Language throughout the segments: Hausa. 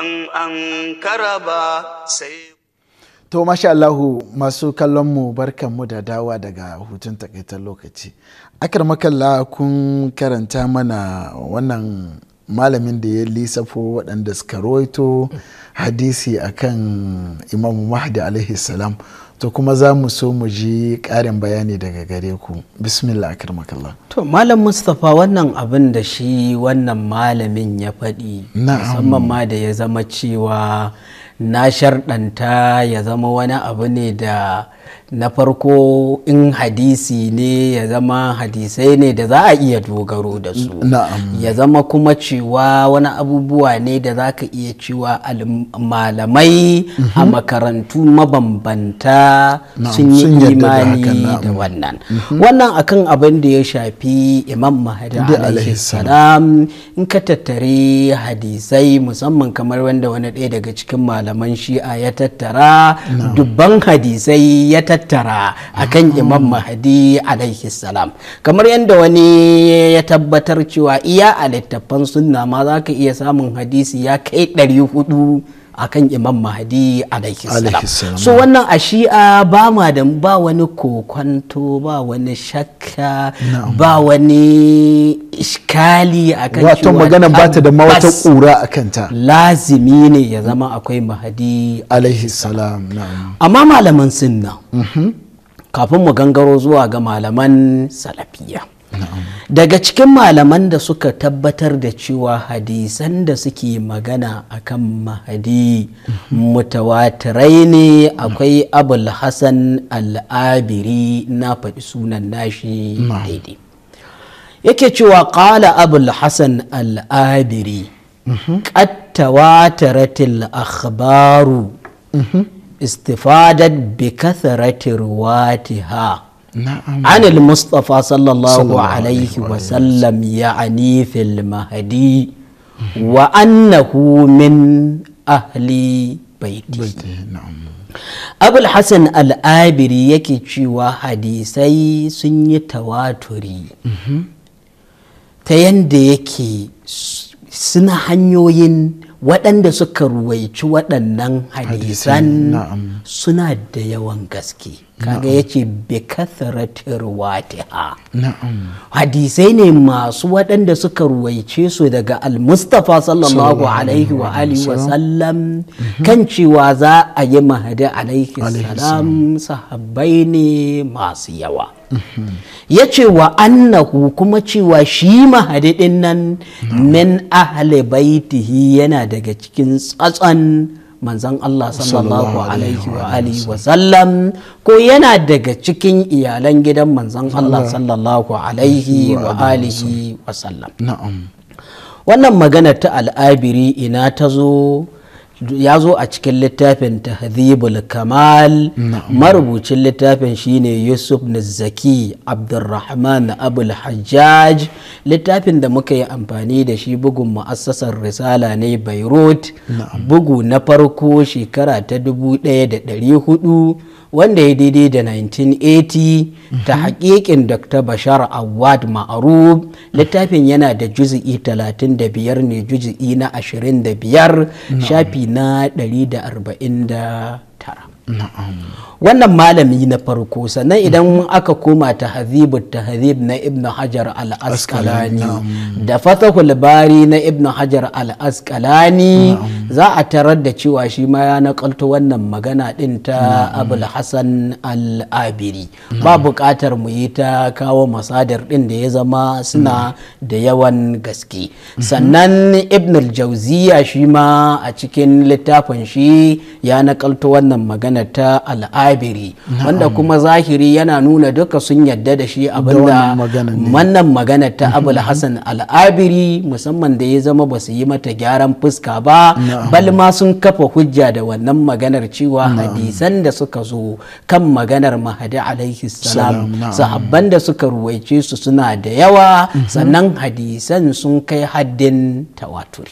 ban an ba sai To masha Allahu masu kallonmu barkanmu da dawa daga hutun takaitar lokaci. Akar makalla kun karanta mana wannan malamin da ya lisafo waɗanda suka rawaito hadisi akan Imam Mahdi alaihi salam to kuma za mu so mu ji ƙarin bayani daga gare ku bismillah akirmakallah to malam mustapha wannan abin da shi wannan malamin ya faɗi musamman ma da ya zama cewa na sharɗanta ya zama wani abu ne da na farko in hadisi ne ya zama hadisai ne da za a iya dogaro da su ya zama kuma cewa wani abubuwa ne da za ka iya cewa malamai a mhm. makarantu mabambanta sun yi imani da wannan mhm. wannan akan abin da ya shafi imam mahadi alaihi salam in ka tattare hadisai musamman kamar wanda wani ɗaya daga cikin malaman shi'a ya tattara dubban hadisai ya tattara tattara kan imam mahdi alaihi salam kamar yadda wani ya tabbatar cewa iya a littattafan sunna ma za ka iya samun hadisi ya kai 400 akan imam mahdi alaihi salam so wannan a shi'a ba ma da ba wani kokonto ba wani shakka ba wani iskali akan wato magana ba ta da mawata kura akan ta lazimi ne ya zama akwai mahdi alaihi salam amma malaman sunna mhm. kafin mu gangaro zuwa ga malaman salafiya daga cikin malaman da suka tabbatar da cewa hadisan da suke magana akan mahadi mutawatirai ne akwai abul hassan al'abiri na faɗi sunan nashi daidai yake cewa ƙala abul hassan al'abiri ƙattawataratil akhbaru uhuh. istifadat bi ta watiha عن المصطفى صلى الله عليه وسلم يعني في المهدي وأنه من أهل بيته abu hassan al'abiri yake cewa hadisai sun yi tawaturi ta yadda yake suna hanyoyin waɗanda suka ruwaici waɗannan hadisan suna da yawan gaske kaga yace bi kathratir watiha hadisai ne masu waɗanda suka ruwaice su daga al-mustafa sallallahu alaihi wa alihi wa sallam mhm. kan cewa za a yi mahadi alaihi salam sahabbai ne masu yawa mhm. yace wa annahu kuma cewa shi mahadidin nan min ahli baitihi yana daga cikin tsatson manzon Allah sallallahu alaihi wa alihi wa sallam ko yana daga cikin iyalan gidan manzon Allah sallallahu alaihi wa alihi wa sallam na'am wannan magana ta al'abiri ina ta zo ya zo a cikin littafin tahdhibul kamal marubucin littafin shine yusuf nazaki abdurrahman abul hajjaj littafin da muka yi amfani da shi bugun mu'assasar risala ne beirut bugu na farko shekara ta 1400 wanda ya daidai da 1980 mhm. ta hakikin dr bashar awad ma'arub littafin yana da juzi'i 35 ne juzi'i na 25 shafi na da. tara wannan malami na farko sannan idan aka koma ta hazibu ta hazib na ibn hajar al-asqalani da fatahul bari na ibn hajar al za a tarar da cewa shi ma ya nakalto wannan magana din ta abul hasan al ba buƙatar mu yi ta kawo masadar din da ya zama suna da yawan gaske mhm. sannan ibn al-jauziya shi ma a cikin littafin shi ya nakalto wannan wannan magana ta al'abiri wanda kuma zahiri yana nuna duka sun yadda da shi abinda wannan magana ta abul hasan al'abiri musamman da ya zama ba su yi mata gyaran fuska ba bal sun kafa hujja da wannan maganar cewa hadisan da suka zo kan maganar mahadi alaihi salam sahabban da suka ruwaice su suna da yawa mhm. sannan hadisan sun kai haddin tawatur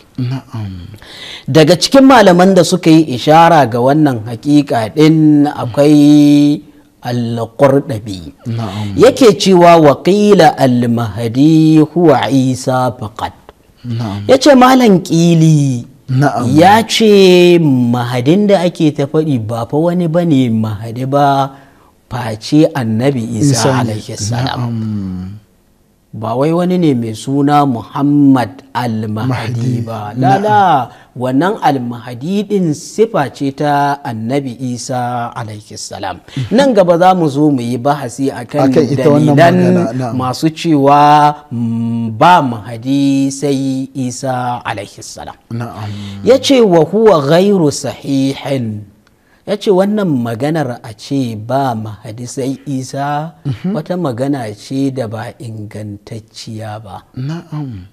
daga cikin malaman da suka yi ishara ga wannan haƙi. hakika ɗin akwai al-qurdabi yake cewa waƙila almahadi mahdi huwa isa faqat yace malam ƙili ya ce mahadin da ake ta faɗi ba fa wani bane mahadi ba face annabi isa salam ba wai wani ne mai suna muhammad almahadi mahdi ba la wannan almahadi din sifa ce ta annabi isa salam mm-hmm. nan gaba za mu zo mu yi bahasi akan dalilan masu cewa mm, ba mahadi sai isa salam ya ce wa huwa gairu sahihin ya ce wannan maganar a ce ba mahadi sai isa mm-hmm. wata magana ce da ba ingantacciya ba na'am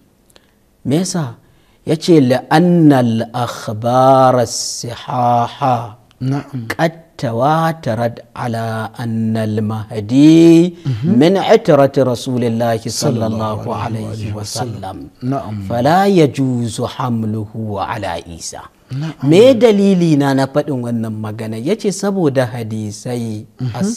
mesa ya ce la'annal akhbaras sihaha wa tarad ala annal mahdi mhm. min itirati rasulillahi sallallahu alaihi wa sallam fala yajuzu hamluhu ala isa me dalili na na faɗin wannan magana ya ce saboda hadisai mhm. as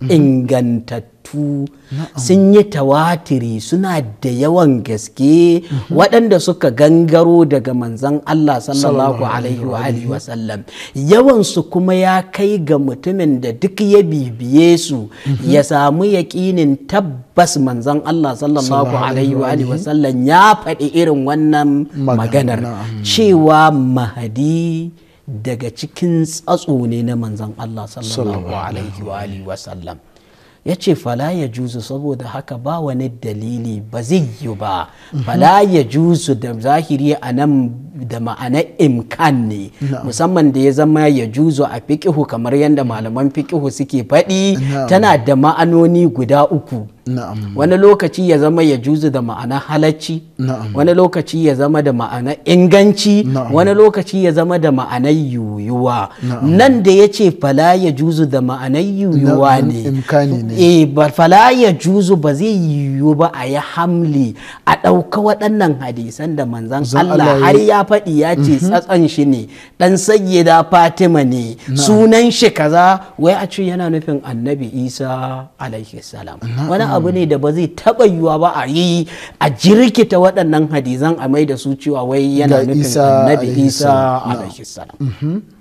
Mm-hmm. ingantattu sun yi tawatiri suna da yawan gaske mm-hmm. waɗanda suka gangaro daga manzan Allah sallallahu alaihi wa sallam yawansu kuma ya kai ga mutumin da duk ya bibiye su mm-hmm. ya samu yaƙinin tabbas manzan Allah sallallahu alaihi wa sallam ya faɗi irin wannan maganar cewa mahadi daga cikin tsatso ne na manzan Allah sallallahu alaihi wa alihi wa ya ce fala ya juzu saboda haka ba wani dalili ba zai yi ba mhm. fala ya juzu da zahiri a nan da ma'ana imkan ne musamman da ya zama ya juzo a fiƙihu kamar yadda malaman fiƙihu suke faɗi tana da ma'anoni guda uku wani lokaci ya zama ya juzo da ma'ana halacci wani lokaci ya zama da ma'ana inganci wani lokaci ya zama da ma'anar yiwuwa nan da ya ce fala ya juzo da ma'anar yiwuwa ne eh, fala ya juzo ba zai yiwu ba a yi hamli a ɗauka waɗannan hadisan da manzan Allah har ya faɗi ya ce mhm. tsatsan shi ne ɗan da fatima ne sunan shi kaza wai a ce yana nufin annabi isa alaihi salam wani abu ne da ba zai taɓa yiwuwa ba a yi a jirkita waɗannan hadizan a mai da su cewa wai yana nufin annabi isa alaihi salam mhm.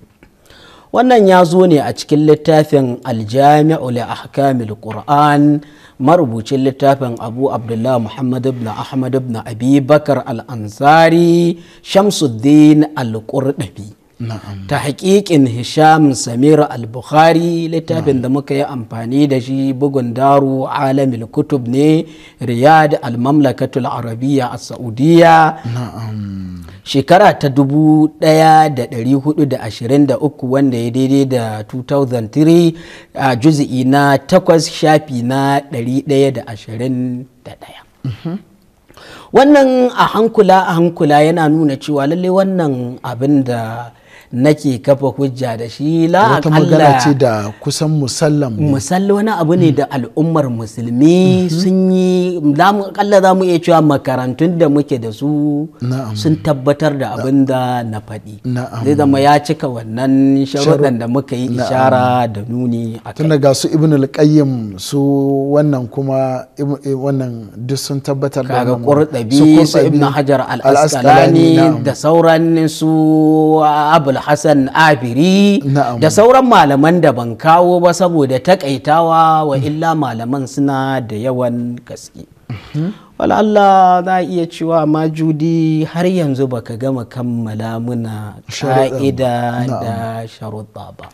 wannan ya zo ne a cikin littafin aljami'u li ahkamil qur'an marubucin littafin abu abdullah muhammad ibn ahmad ibn abi bakar al-ansari shamsuddin al-qurdabi ta haƙiƙin hisham samir al-bukhari littafin da muka yi amfani da shi bugun daru alamil kutub ne riyad al-mamlakatul arabiya a saudiya shekara ta 1423 wanda ya daidai da 2003 a juzi'i na 8 shafi na 121 mhm. wannan a hankula a hankula yana nuna cewa lalle wannan abin da nake kafa hujja da shi la wata magana ce da kusan musallam ne musalli wani abu ne da al'ummar musulmi mhm. sun yi akalla za mu iya cewa makarantun da muke da su sun tabbatar da abin da na faɗi zai zama ya cika wannan sharuɗan da muka yi ishara da nuni a tun daga su ibn al-qayyim su wannan kuma eh, wannan duk sun tabbatar da kaga qurtubi su ibn hajar al-asqalani da sauran su abul hassan abiri da sauran malaman da ban kawo ba saboda takaitawa wa illa malaman suna da yawan gaske wala Allah za iya cewa majudi har yanzu baka gama kammala muna ka'ida da sharuɗa ba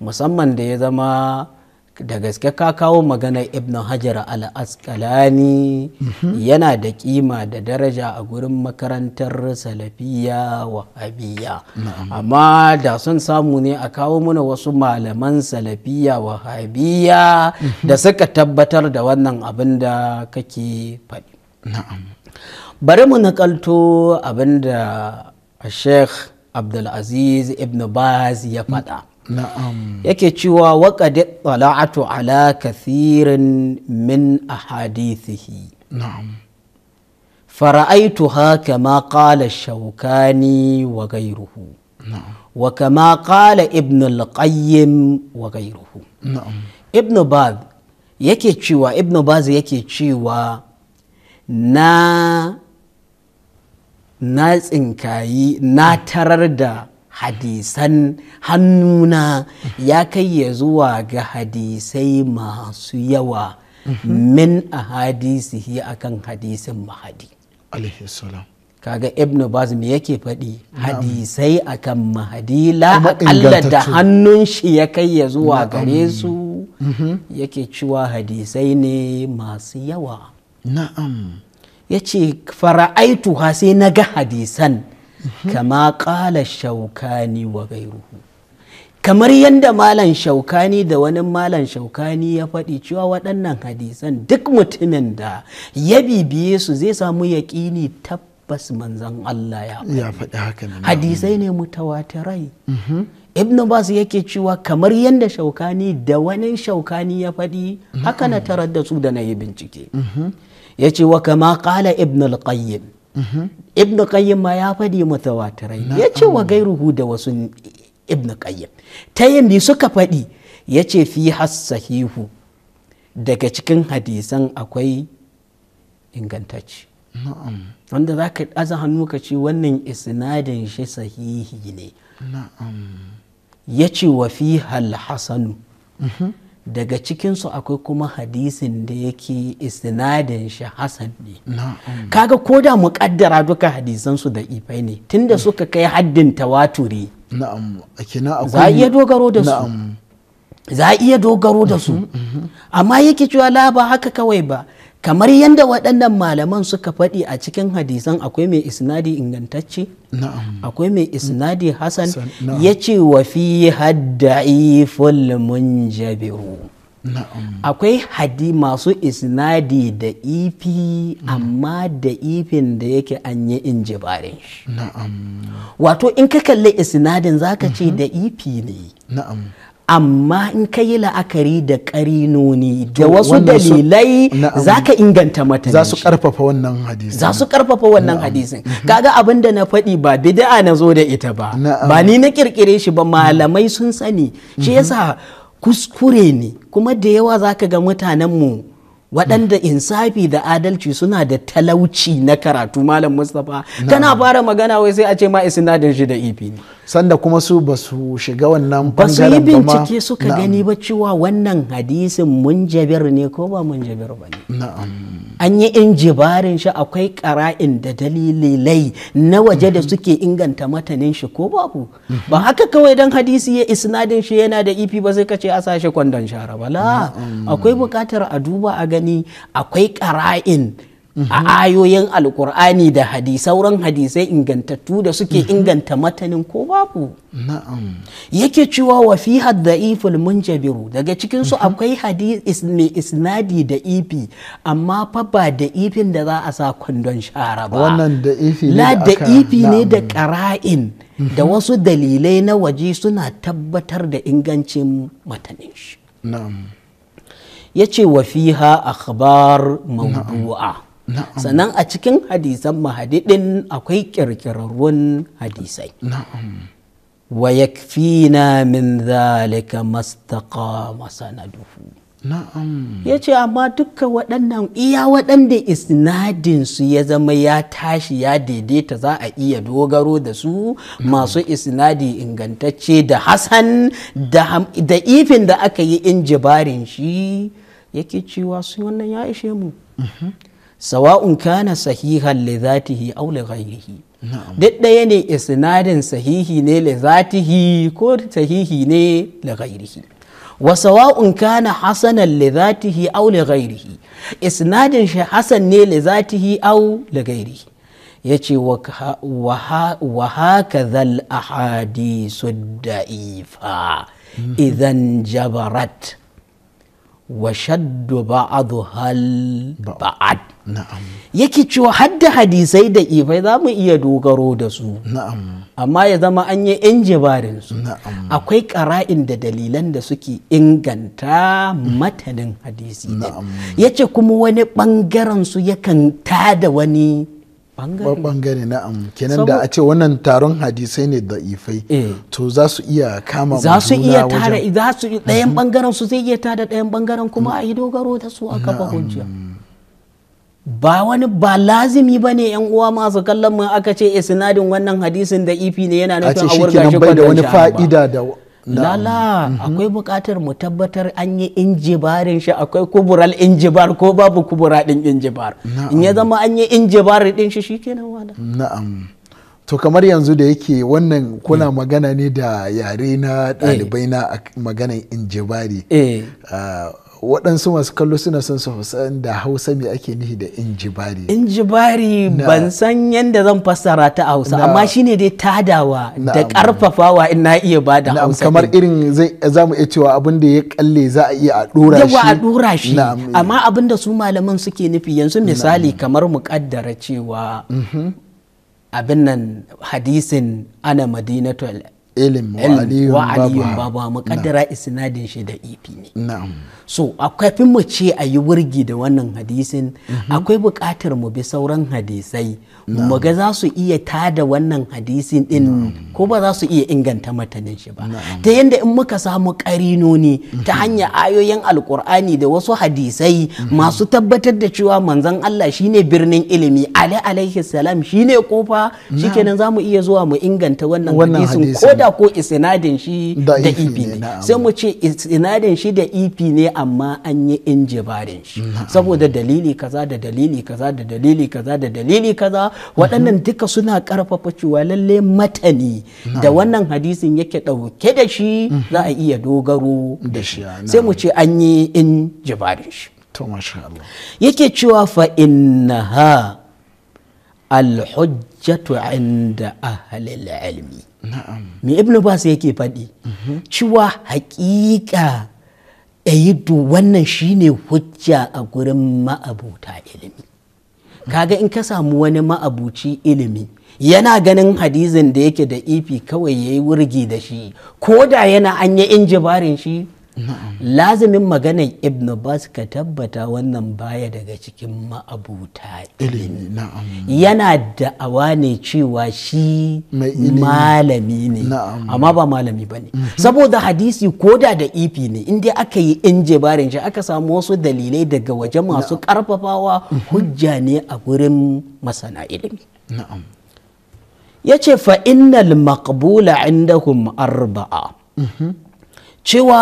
musamman da ya zama da gaske ka kawo maganar ibn hajar al-asqalani mhm. yana da kima da daraja a gurin makarantar salafiya wa habiya amma da sun samu ne a kawo mana wasu malaman salafiya wa wahabiya mhm. da suka tabbatar da wannan abin da kake faɗi bari mu nakalto abin da sheikh abdulaziz ibn baz ya faɗa yake cewa waƙadi tsala'atu ala kathirin min a hadithihi fara'aitu haka ma kala shaukani wa gairuhu wa kama kala ibn al wa gairuhu ibn baz yake cewa ibn yake cewa na tsinkayi na tarar da hadisan hannuna ya kai ya zuwa ga hadisai masu yawa min a hadisihi akan hadisin mahadi kaga ibnu baz me yake faɗi hadisai akan mahadi la da hannun shi ya kai ya zuwa gare su mm-hmm. yake ciwa hadisai ne masu yawa na'am ya ce fara'aitu sai na ga hadisan kama ƙala shaukani wa kamar yadda malam shaukani da wani malam shaukani ya faɗi cewa waɗannan hadisan duk mutumin da ya bibiye su zai samu yaƙini tabbas manzan Allah ya faɗi hadisai ne mutawatirai mhm. ibn Bas yake cewa kamar yadda shaukani da wani shaukani ya faɗi haka na mhm. tarar da su da na yi bincike mhm. ya ce wa kama ƙala ibn al-qayyim ibn qayyim ma ya faɗi mutawatirai ya ce wa gairuhu da wasu ibn qayyim ta yin suka faɗi ya ce fi sahihu daga cikin hadisan akwai ingantacci wanda za ka aza hannu ka ce wannan isnadin shi sahihi ne ya ce wa fi hal hasanu mhm. daga cikinsu akwai kuma hadisin da yake istinadin shi Hassan ne kaga ko da muƙaddara duka hadisansu da ifai ne tunda mm. suka kai haddin tawaturi za a iya dogaro da su za a iya dogaro da su mm-hmm, mm-hmm. amma yake cewa la ba haka kawai ba kamar yadda waɗannan malaman suka faɗi a cikin hadisan akwai mai isnadi ingantacce akwai mai isnadi hasan ya ce wa fi hadda'iful munjabiru akwai hadi masu isnadi da ifi amma da ifin da yake an yi injibarin shi wato in ka kalli isnadin zaka ce mhm. da ifi ne amma in ka yi la'akari da ƙarinoni da wasu dalilai za ka inganta mata za su karfafa wannan hadisin za su karfafa wannan hadisin mhm. kaga abin da na faɗi ba bid'a na zo da ita ba ba ni na kirkire shi ba malamai mhm. sun sani shi mhm. yasa kuskure ne kuma da yawa za ka ga mu waɗanda insafi da adalci suna da talauci na karatu malam mustapha kana fara magana wai sai a ce ma isnadin shi da ifi e ne sanda kuma su ba su shiga wannan ba yi bincike suka gani ba cewa wannan hadisin munjabir ne ko ba munjabir ba ne an yi injibarin shi akwai kara'in da dalilai na waje da suke inganta matanin shi ko babu ba haka kawai dan hadisi ya isnadin shi yana da ifi ba sai ka ce a sashe kwandon shara ba la akwai bukatar a duba a gani akwai kara'in a ayoyin alkur'ani da hadisauran sauran hadisai ingantattu da suke mhm. inganta matanin ko babu yake cewa wa fi da'iful munjabiru daga cikin su mhm. akwai hadis mai isnadi da ifi amma fa ba da ifin da za a sa kwandon shara ba wannan da ifi ne la da ifi ne da qara'in mhm. da wasu dalilai na waje suna tabbatar da ingancin matanin shi na'am yace wa fiha akhbar mawdu'a sannan a cikin hadisan mahadidin akwai kirkirarrun hadisai wa na min zalika mastaqama sanaduhu Ya ce, amma duka waɗannan iya waɗanda isnadinsu ya zama ya tashi ya daidaita za a iya dogaro da su masu isnadi ingantacce da hasan da ifin da aka yi in jibarin shi yake cewa su wannan ya ishe mu. Mhm. sawa'un kana sahihan li zatihi aw li ghairihi duk ɗaya ne isnadin sahihi ne li zatihi ko sahihi ne li ghairihi wa sawa'un kana hasanan li zatihi aw li ghayrihi isnadin shi hasan ne li zatihi aw li ghayrihi yace wa hakadha al ahadisu da'ifa hmm. idan jabarat wa shaddu ba'adu hal ba'ad yake cewa hadda hadisai da ifai za mu iya dogaro da su amma ya zama an yi yan jibarin akwai ƙara'in da dalilan da suke inganta matanin hadisi ya ce kuma wani bangaren su yakan tada wani bangare na'am kenan da a ce wannan taron hadisai ne da ifai eh. to za su iya kama za su iya tare za su ɗayan bangaren mhm. su zai iya tada ɗayan bangaren kuma a yi dogaro da su a kafa hujja ba wani ba lazimi ba ne yan uwa masu kallon mu aka ce isnadin wannan hadisin da ifi ne yana nufin a wurga shi kwatanci ba lala mhm. akwai bukatar mu tabbatar an yi injibarin shi akwai kubural injibar ko babu kubura din injibar in ya zama an yi injibar din shi shikenan wala na'am to kamar yanzu da yake wannan kuna mm. magana ne da yare na eh. ɗalibai na maganan injibari eh. ah, waɗansu masu kallo suna son su san da hausa me ake nihi da injibari injibari ban san yadda zan fassara ta a hausa amma shine dai tadawa da karfafawa in na iya ba da hausa kamar irin za mu iya cewa abin da ya kalle za a iya a dora shi a amma abin da su malaman suke nufi yanzu misali kamar mu kaddara cewa mm-hmm. abin nan hadisin ana madinatul ilm wa aliyun baba muƙaddara isnadin shi da ifi ne so akwai mu ce a yi wurgi da wannan hadisin mhm. akwai buƙatar mu bi sauran hadisai ga za su iya tada wannan hadisin din ko ba za su iya inganta matanin shi ba ta yadda in muka samu karinoni ta mhm. hanyar ayoyin alkur'ani da wasu hadisai mhm. masu tabbatar da cewa manzon Allah shine birnin ilimi ali alaihi salam shine kofa shikenan za mu iya zuwa mu inganta wannan hadisin ko da ko isinadin shi da ifi ne sai mu ce isinadin shi da ifi ne amma an yi injibarin shi saboda dalili kaza da dalili kaza da dalili kaza da dalili kaza waɗannan duka suna ƙarfafa cewa lalle matani da wannan hadisin yake ɗauke da shi mm. za a iya dogaro da shi sai mu ce an yi in jibarin shi yake cewa fa ha alhujjatu inda ahlil ilmi me ibn bas yake faɗi mhm. cewa haƙiƙa ɗayidu wannan shine hujja a gurin ma'abuta ilimi kaga in ka samu wani ma'abuci ilimi yana ganin hadizin da yake da ifi kawai ya yi wurgi da shi ko da yana an yi injibarin shi lazimin maganar ibn bas ka tabbata wannan baya daga cikin ma'abuta ilimi yana da'awa ne cewa shi malami ne amma ba malami ba ne mhm. saboda hadisi ko da da ifi ne inda aka yi in jebarin shi aka samu wasu dalilai daga waje masu karfafawa mhm. hujja ne a gurin masana ilimi ya ce fa'inal makabula kuma arba'a mhm. cewa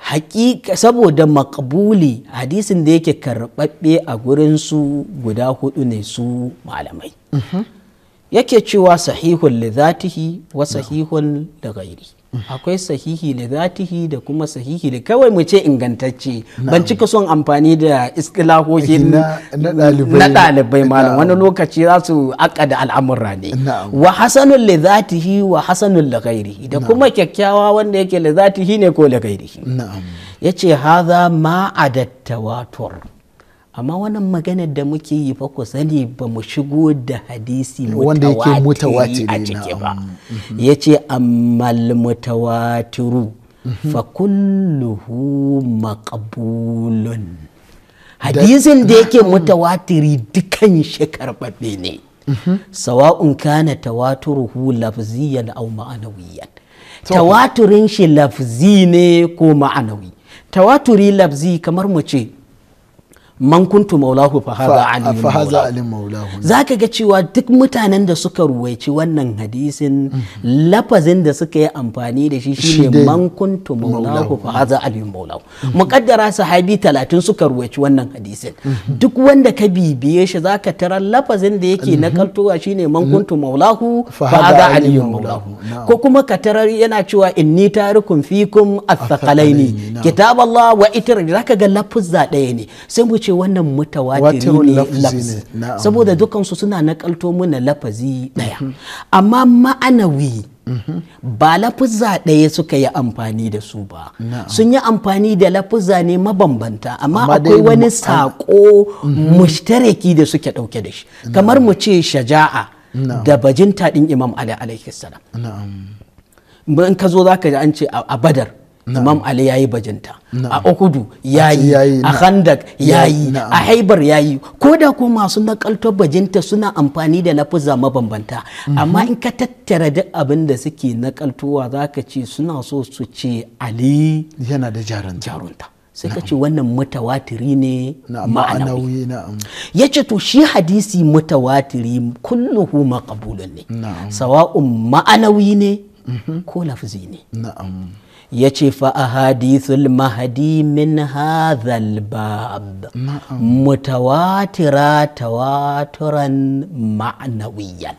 haƙiƙa saboda makabuli hadisin da yake karɓaɓɓe a gurinsu guda hudu ne su malamai mhm. yake cewa sahihun li wa sahihun da gairi akwai sahihi da zatihi da kuma sahihi da kawai mu ce ingantacce ban cika son amfani da istilahohin na dalibai malam wani lokaci za su da al'amura ne wa hasanun li zatihi wa hasanun li ghairihi da kuma kyakkyawa wanda yake li zatihi ne ko li ghairihi yace haza ma dattawator. amma wannan maganar da muke yi fa ku sani ba mu shigo da hadisi mutawatiri a ciki ba mm-hmm. ya ce ammal mutawatiru mm-hmm. fa kulluhu maqbulun hadisin da yake mutawatiri dukan shi karɓaɓe ne mm-hmm. sawa'un kana tawaturuhu lafziyan aw ma'anawiyan tawaturin shi lafzi ne ko ma'anawi tawaturi lafzi kamar mu ce man kuntu maulahu fa alim maulahu ka ga cewa duk mutanen da suka ruwaici wannan hadisin mhm. lafazin da suka yi amfani da shi shine man kuntu maulahu fa alim maulahu mhm. muqaddara sahabi talatin suka ruwaici wannan hadisin mhm. duk wanda ka bibiye shi za ka tara lafazin da yake nakaltowa shine man kuntu maulahu fa alim maulahu ko kuma ka tara yana cewa inni tarikum fikum athqalaini kitaballah wa itr ka ga lafuzza ɗaya ne sai mu ce ce wannan mutawatiri ne lafzi saboda dukansu suna nakalto mana lafazi daya amma ma'anawi mhm. ba lafuzza ɗaya suka yi amfani da su ba sun yi amfani da lafuzza ne mabambanta amma akwai wani saƙo mhm. mushtaraki da suke ɗauke da shi kamar mu ce shaja'a da bajinta ɗin imam ali alaihi salam in ka zo za ka ji an ce a badar imam ali yayi bajinta a okudu yayi a handak yayi a haibar yayi ko da ko masu nakaltar bajinta suna amfani da lafuza mabambanta mhm. amma in ka tattara duk abin da suke nakaltowa zaka ce suna so su ce ali yana da jarunta suka ce wannan mutawatiri ne ma'anawi ya ce to shi hadisi mutawatiri kulluhu maqbulun ne sawa'un ma'anawi ne mhm. ko lafzi ne ya ce fa ahadithul mahadi min hazal bab mutawatira tawaturan ma'nawiyan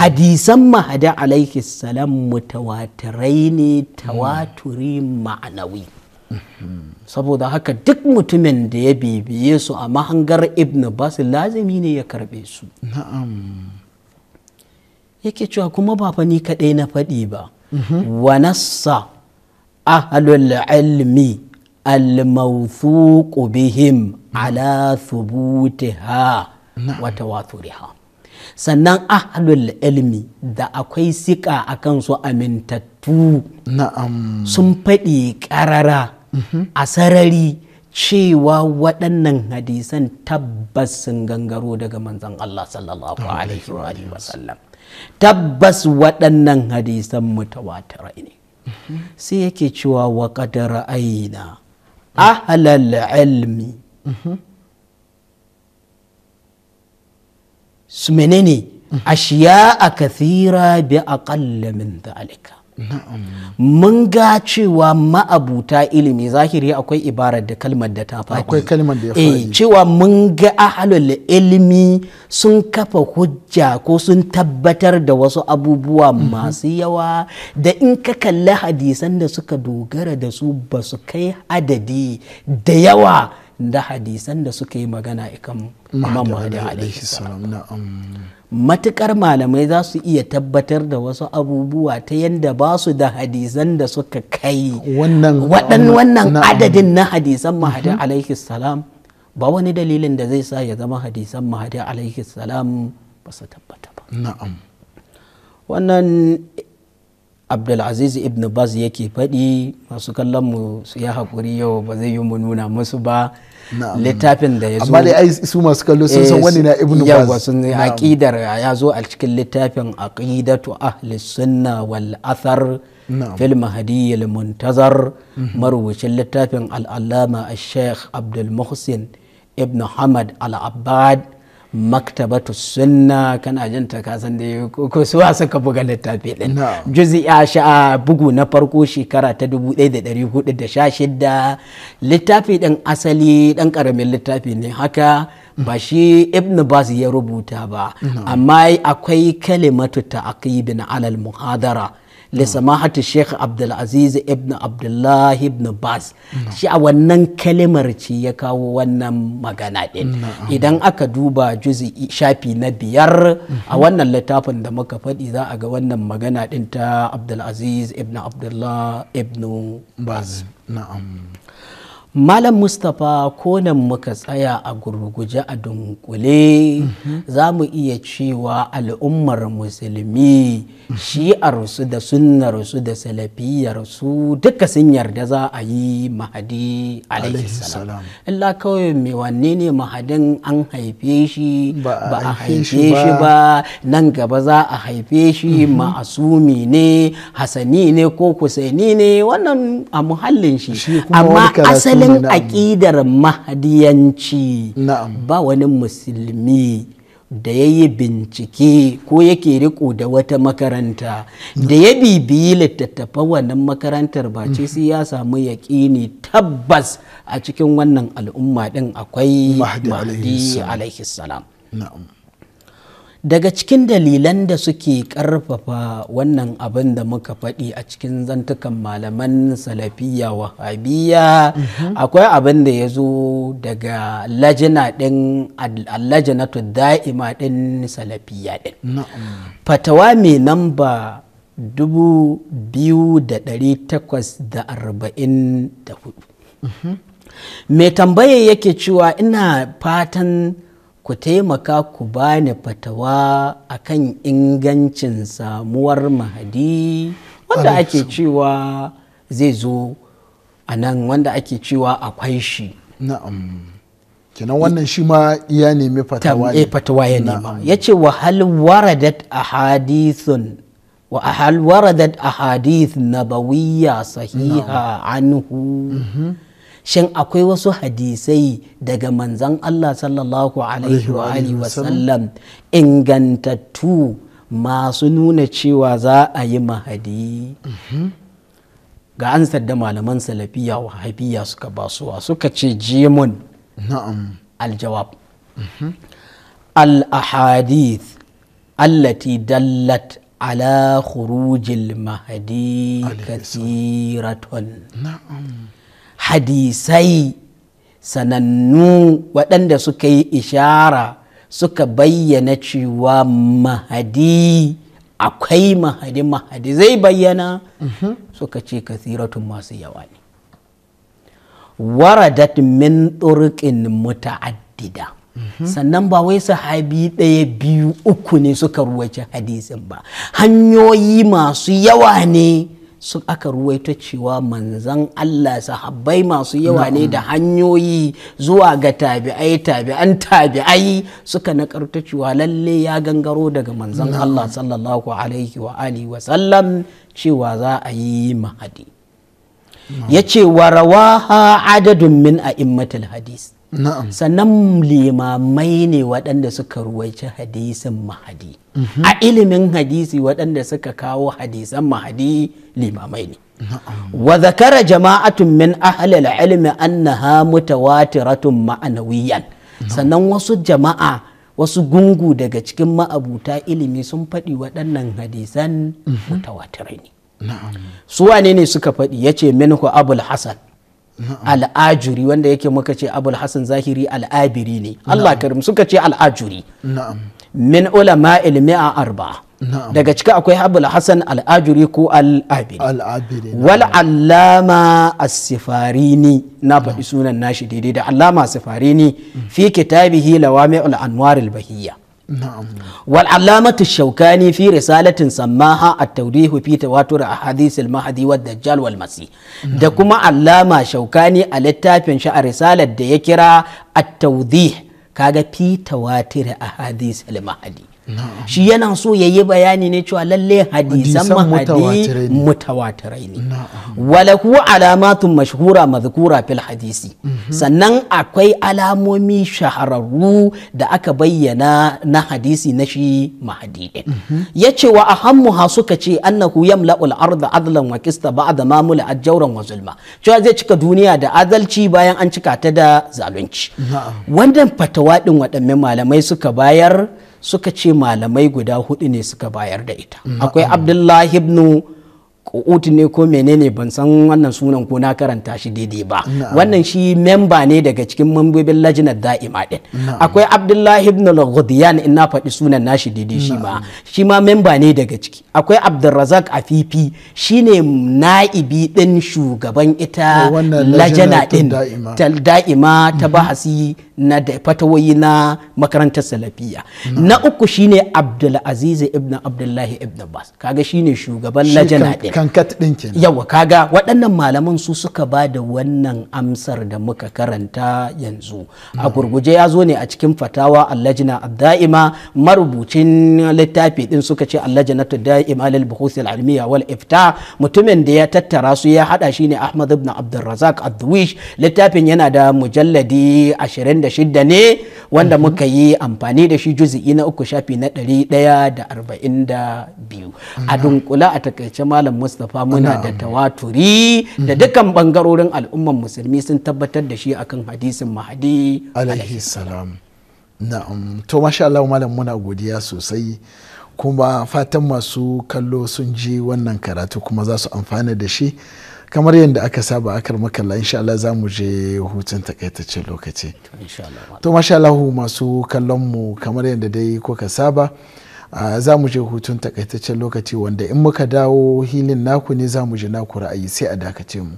hadisan mahadi alaihi salam mutawatirai ne tawaturi ma'anawi mm-hmm. saboda haka duk mutumin da ya bibiye su a mahangar ibn basu lazimi ne ya karbe su yake cewa kuma ba fa ni kaɗai na faɗi ba mm-hmm. wa nassa ahlul ilmi almawthuqu bihim ala thubutiha wa tawathuriha sannan ahlul ilmi da akwai sika akan su amintattu sun faɗi ƙarara a sarari cewa waɗannan hadisan tabbas sun gangaro daga manzon Allah sallallahu alaihi wa sallam tabbas waɗannan hadisan mutawatirai ne sai yake cewa wa qadara aina ahlal ilmi su menene ashiya a kathira bi aqalla min dhalika mun ga cewa ma'abuta ilimi zahiri akwai ibarar da kalmar da ta faɗi akwai kalmar da ya eh, faɗi cewa mun ga ahalul ilimi sun kafa hujja ko sun tabbatar da wasu abubuwa mhm. masu yawa da in ka kalli hadisan da suka dogara da su ba su kai adadi da yawa da hadisan da suka yi magana ikan Muhammad alaihi salam matukar malamai za su iya tabbatar da wasu abubuwa ta yadda ba su da hadisan da suka kai wannan adadin na hadisan mhm. mahadi alaihi salam ba wani dalilin da zai sa ya zama hadisan mahadi alaihi salam ba su tabbata ba wannan abdulaziz ibn baz yake faɗi masu kallon mu su ya haƙuri yau ba zai yi mu nuna musu ba littafin da ya zo amma dai su masu kallo sun san eh, wani na ibn baz yawa sun aqidar ya zo a cikin littafin aqidatu ahli sunna wal athar fil mahdi al muntazar mhm. marubucin littafin al allama al sheikh abdul muhsin ibn hamad al abbad maktabatu sunna kana jin ta san da ko wa suka buga littafi din ya sha bugu na farko shekara ta 1416 littafi din asali dan karamin littafi ne haka ba shi ibn bas ya rubuta ba amma akwai kalimatu ta'qibin alal muhadara lisamahati shek abdulaziz ibn abdullah ibn bas shi a wannan kalimar ce ya kawo wannan magana ɗin idan aka duba juzi shafi na biyar a wannan littafin da muka faɗi za a ga wannan magana ɗin ta abdulaziz ibn abdullah ibn bas Malam Mustapha ko nan muka tsaya a gurguje a dunkule mhm. za mu iya cewa al'ummar musulmi shi mhm. a shi'arsu da sunnarsu da salafiyarsu duka sun yarda za a yi mahadi salam. Allah kawai mai wanne ne mahadin an haife shi ba a haife shi ba nan gaba za a haife shi mhm. ma'asumi ne hasani ne ko kusaini ne wannan a muhallin shi amma asali. cikin aƙidar mahadiyanci ba wani musulmi da ya yi bincike ko yake riko da wata makaranta da ya bibiyi littattafan wannan makarantar ba ce sai ya samu yaƙini tabbas a cikin wannan al'umma din akwai mahdi alaihi salam daga cikin dalilan da suke karfafa wannan abin da muka faɗi a cikin zantukan malaman salafiya wahabiya mhm. akwai abin da ya zo daga lajina ɗin allajinatu da'ima ɗin salafiya ɗin fatawa mai namba 2844 mhm. mai tambaye yake cewa ina fatan ku taimaka ku bani fatawa akan ingancin samuwar mahadi wanda ake cewa zai zo a nan wanda ake cewa akwai shi na'am kenan wannan shi ma ya nemi fatawa eh, ne fatawa ya nema ya ce wa hal waradat ahadithun wa hal waradat ahadith nabawiyya sahiha anhu mhm. shin akwai wasu hadisai daga manzan Allah sallallahu alaihi wa sallam ingantattu masu nuna cewa za a yi mahadi ga ansar da malaman salafiya wa haifiya suka basuwa suka ce jimun aljawab mhm. al-ahadith allati dallat ala khurujil mahadi kasiratun na'am hadisai sanannu waɗanda suka yi ishara suka bayyana cewa mahadi akwai mahadi mahadi zai bayyana mhm. suka ce kathiratun masu yawa ne waradat min turqin muta'addida mhm. sannan ba wai sahabi ɗaya biyu uku ne suka ruwaci hadisin ba hanyoyi masu yawa ne sun aka ruwaita cewa manzan Allah sahabbai masu yawa ne da hanyoyi zuwa ga tabi'ai tabi'an tabi'ai suka nakarta cewa lalle ya gangaro daga manzan Allah sallallahu alaihi wa alihi wa sallam cewa za a yi mahadi ya ce wa rawaha adadun min a immatul hadis sannan limamai ne waɗanda suka ruwaici hadisin mahadi mhm. a ilimin hadisi waɗanda suka kawo hadisan mahadi limamai ne wa zakara jama'atun min ahlil ilmi annaha mutawatiratun ma'anawiyan sannan wasu jama'a wasu gungu daga cikin ma'abuta ilimi sun faɗi waɗannan hadisan mhm. mutawatirai ne su wane ne suka faɗi ya yace minhu abul hasan al'ajuri wanda yake muka ce abul hasan zahiri al'abiri ne allah karim suka ce al'ajuri min ulama ilmi a arba daga cika akwai abul hasan al'ajuri ko al'abiri wal allama as na faɗi sunan nashi daidai da allama sifarini fi kitabihi lawami'ul anwaril bahiyya wal alamatu shaukani fi risalatin sammaha a taurihu fi tawatur ahadith al mahdi wad dajjal wal masih da kuma alama shaukani a littafin shi a risalar da ya kira at tawdih kaga fi tawatur ahadith al mahdi shi yana so ya yi bayani ne cewa lalle hadisan mahadi mutawatirai ne wala kuwa alamatun mashhura mazkura fil hadisi mhm. sannan akwai alamomi shahararru da aka bayyana na hadisi na shi mahadi din mhm. ya ce wa ha suka ce annahu yamla'ul arda adlan wa qista ba'da ma ajjauran wa zulma cewa zai cika duniya da adalci bayan an cika ta da zalunci wannan fatawa waɗannan malamai suka bayar suka ce malamai guda hudu ne suka bayar da ita mm. akwai abdullahi ibn ne ko menene ban san wannan sunan ko na karanta shi daidai ba wannan shi memba ne daga cikin mambobin lajinar da'ima din akwai abdullahi ibn al ghudiyan in na faɗi sunan nashi daidai shi ma shi ma memba ne daga ciki akwai abdurrazak afifi shine na'ibi din shugaban ita oh, lajana din da'ima ta mm-hmm. bahasi na da fatawoyi na makarantar salafiya na uku shine abdulaziz ibn abdullahi ibn bas kaga shine shugaban lajana din kankat din kenan yawa kaga waɗannan malaman su suka ba da wannan amsar da muka karanta yanzu a mm. gurguje ya zo ne a cikin fatawa allajina da'ima marubucin littafi din suka ce allajina da'ima lil buhuth al ilmiya wal ifta mutumin da ya tattara su ya hada shine ahmad ibn abdurrazak ad-duwish littafin yana da mujalladi 20 shida ne wanda muka yi amfani da shi juzi'i na uku shafi na ɗari ɗaya da da arba'in biyu a dunkula a takaice malam mustapha muna da tawaturi da mhm. dukkan bangarorin al'umman musulmi sun tabbatar da shi akan hadisin mahadi alaihi salam na'am to masha Allah malam muna godiya sosai kuma fatan masu kallo sun ji wannan karatu kuma za su amfana da shi kamar yadda aka saba akar makalla insha Allah za mu je hutun takaitaccen lokaci to masha Allah masu kallon mu kamar yadda dai kuka saba za mu je hutun takaitaccen lokaci wanda in muka dawo hilin naku ne za mu je naku ra'ayi sai a dakace mu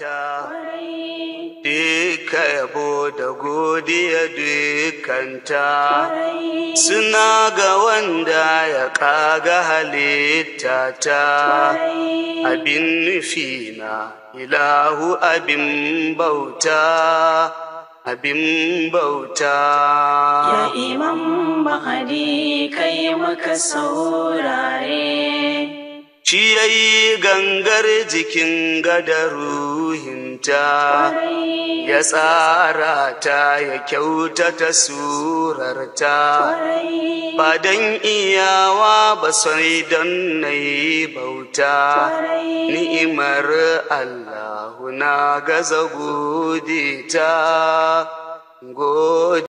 ta duka yabo da godiya dukanta suna ga wanda ya kaga halitta ta abin nufi na ilahu abin bauta abin bauta ya imam mahadi kai maka saurare shi ya yi gangar jikin gada ruhinta ya tsara ta ya kyauta ta surarta ba don iyawa ba sai don na yi bauta ni'imar allahu na gaza gode ta